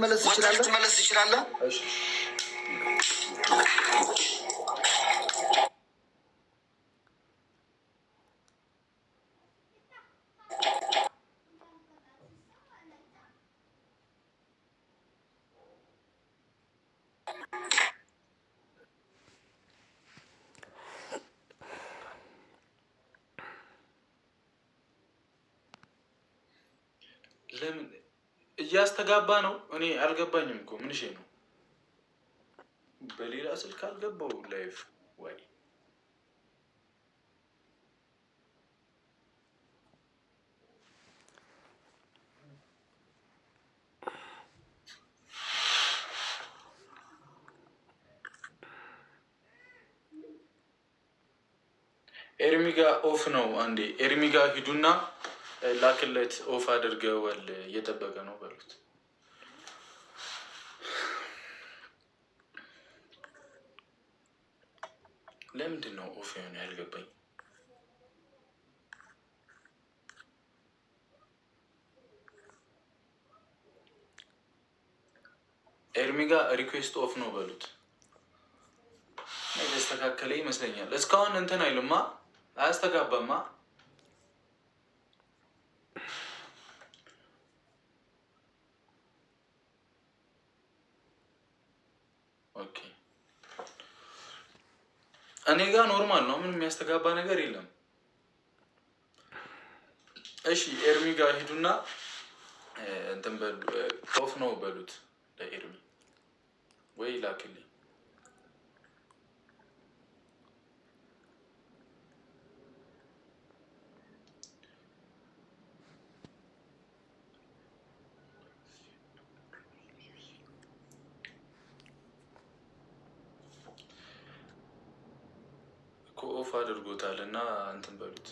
መለስ ትችላለህ። ለምን እያስተጋባ ነው? እኔ አልገባኝም እኮ ምንሽ ነው። በሌላ ስልክ አልገባው ላይፍ ወይ ኤርሚጋ ኦፍ ነው። አንዴ ኤርሚጋ ሂዱና ላክለት ኦፍ አድርገዋል፣ እየጠበቀ ነው በሉት። ለምንድን ነው ኦፍ የሆነ ያልገባኝ? ኤርሚጋ ሪኩዌስት ኦፍ ነው በሉት። የተስተካከለ ይመስለኛል። እስካሁን እንትን አይልማ፣ አያስተጋባማ እኔ ጋር ኖርማል ነው። ምን የሚያስተጋባ ነገር የለም። እሺ ኤርሚ ጋር ሂዱና እንትን በሉ ኦፍ ነው በሉት ለኤርሚ ወይ ላክልኝ ኦፍ አድርጎታል እና እንትን በሉት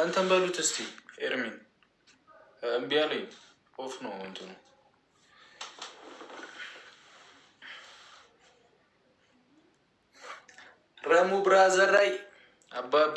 አንተን በሉት እስቲ ኤርሚን እምቢ አለኝ። ኦፍ ነው እንትኑ ረሙ ብራዘር ላይ አባቢ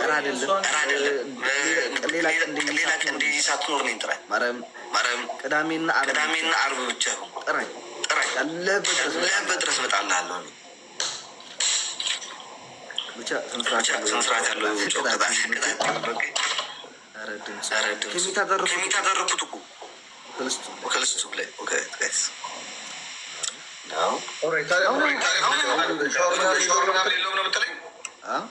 ጥራ እንደዚህ ሳትኖር ነው ጥራኝ። ማርያም ቅዳሜና አርብ ብቻ ጥራኝ ጥራኝ፣ ያለበት ድረስ እመጣልሃለሁ። ብቻ ስንት ስርዓት ያለው ከሚታደርኩት እኮ ከልስቱ ላይ አሁን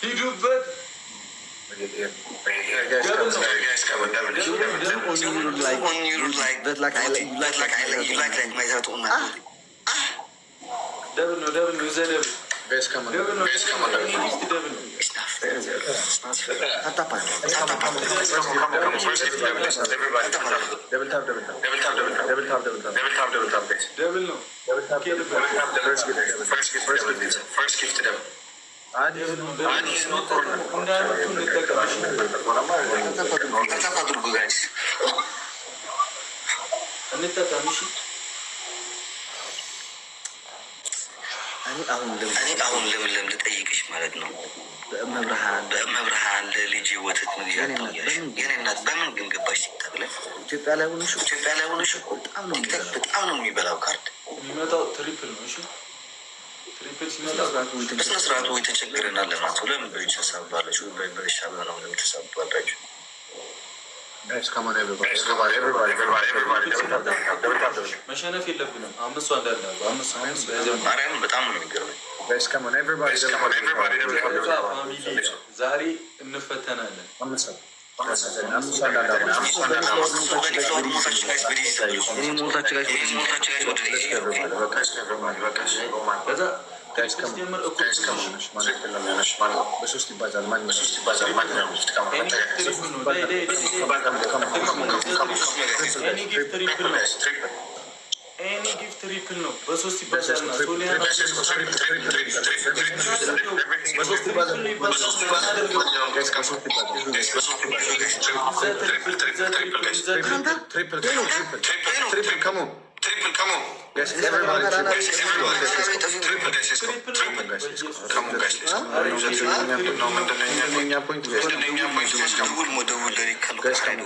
He do better. Devin, no, Devin, no, said no, Best no, Devin, no, best no, Devin. no, not no, It's no, fair. no, on. no, on. no, Devil no, devil no, Devil no, devil no, Devil no, devil no, Devil no, devil no, Devil no. Devil tap. no, gift, no, gift, no, gift. no, gift no, devil. እኔ አሁን ለምለም ልጠይቅሽ ማለት ነው። በመብርሃን ለልጅ ወተት መግዣ በምን ግን ገባሽ? ኢትዮጵያ ላይ ሆነሽ በጣም ነው የሚበላው ካርድ የሚመጣው ትሪፕል ነው። በስነ ስርዓት ወይ ተቸግረናል ለማለት ለምን በእጅ ተሳባላችሁ? በእርሻ በራው ለምን ተሳባላችሁ? መሸነፍ የለብንም። አምስቱ አንዳንድ ማርያም በጣም ነው የሚገርመኝ። ዛሬ እንፈተናለን ይባዛል ትሪፕል ነው። በሶስት ይባዛል ነው Gaśnisko. Everybody trip. Everybody trip. Trip gaśnisko. Trip gaśnisko. Kamu gaśnisko. Dönünya point gaśnisko. Dönünya point gaśnisko. Vurma da vurdari kamu. Gaśkamu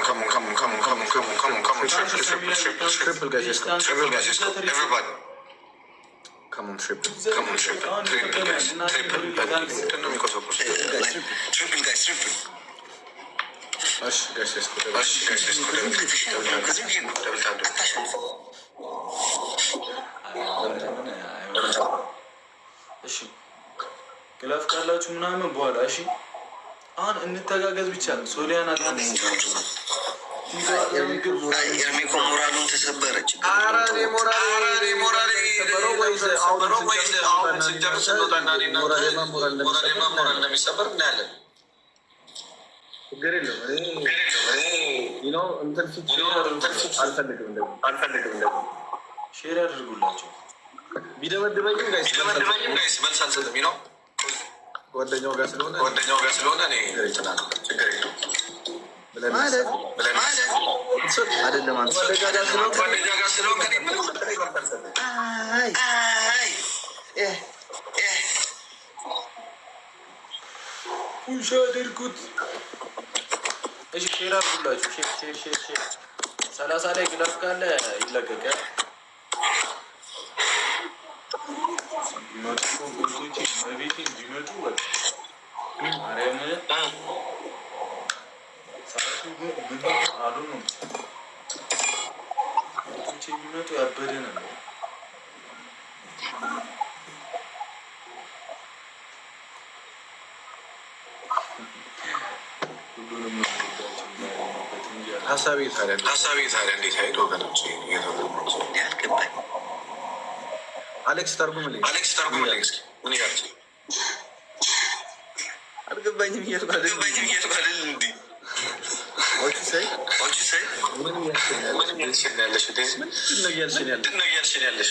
kamu kamu kamu kamu kamu kamu kamu trip trip trip trip gaśnisko. Trip gaśnisko. Everybody. Kamu trip. Kamu trip. Trip gaśnisko. Trip gaśnisko. Ten mi kosa proszę. Trip gaśnisko. Aşk gaśnisko. Aşk gaśnisko. Kamu gaśnisko. Kamu gaśnisko. እሺ ግላፍ ካላችሁ ምናምን በኋላ እሺ፣ አሁን እንተጋገዝ ብቻ ነው። ሶሊያና ኤርሚኮ ሞራሉን ተሰበረች። ሞራል እንደሚሰበር እናያለን። አልፈልግም። ሼር ያደርጉላቸው። አድርጉት እሺ ሼር አድርጉላችሁ። ሼር ሼር ሼር ሰላሳ ላይ ግላፍ ካለ ይለቀቃል። ሀሳቤ ታዲያ እንዴት አይቶ ወገኖች አሌክስ ተርጉምልኝ፣ አሌክስ ተርጉምልኝ እስኪ ምን ያል አልገባኝም እያልኩ አልገባኝም እንዲ ምንም ያልሽን ያለሽ